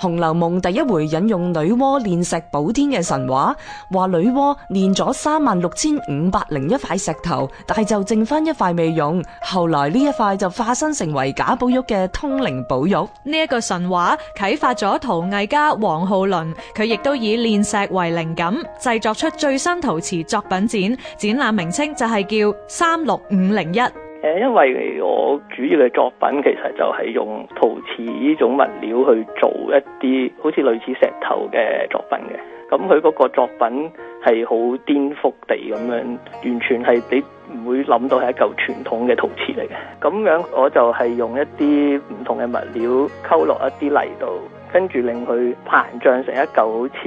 《紅樓夢》第一回引用女媧煉石補天嘅神話，話女媧煉咗三萬六千五百零一塊石頭，但係就剩翻一塊未用，後來呢一塊就化身成為賈寶玉嘅通靈寶玉。呢一個神話啟發咗陶藝家黃浩倫，佢亦都以煉石為靈感，製作出最新陶瓷作品展，展覽名稱就係叫三六五零一。誒，因為我主要嘅作品其實就係用陶瓷呢種物料去做一啲好似類似石頭嘅作品嘅，咁佢嗰個作品係好顛覆地咁樣，完全係你唔會諗到係一嚿傳統嘅陶瓷嚟嘅。咁樣我就係用一啲唔同嘅物料溝落一啲泥度，跟住令佢膨脹成一嚿好似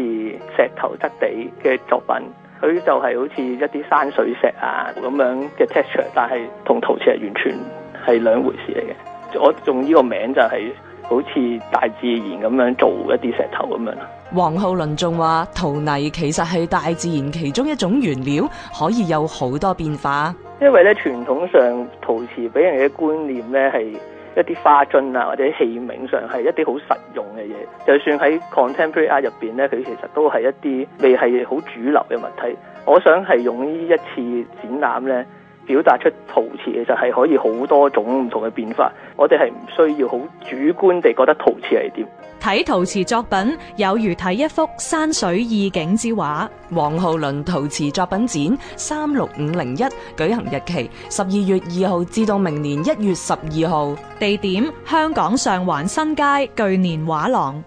石頭質地嘅作品。佢就係好似一啲山水石啊咁樣嘅 texture，但係同陶瓷係完全係兩回事嚟嘅。我用呢個名就係好似大自然咁樣做一啲石頭咁樣。黃浩倫仲話：陶泥其實係大自然其中一種原料，可以有好多變化。因為咧，傳統上陶瓷俾人嘅觀念咧係。一啲花樽啊，或者器皿上係一啲好實用嘅嘢，就算喺 contemporary art 入邊咧，佢其實都係一啲未係好主流嘅物體。我想係用呢一次展覽咧。表達出陶瓷其實係可以好多種唔同嘅變化，我哋係唔需要好主觀地覺得陶瓷係點。睇陶瓷作品有如睇一幅山水意境之畫。黃浩倫陶瓷作品展三六五零一，舉行日期十二月二號至到明年一月十二號，地點香港上環新街巨年畫廊。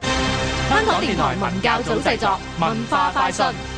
香港電台文教組製作文化快訊。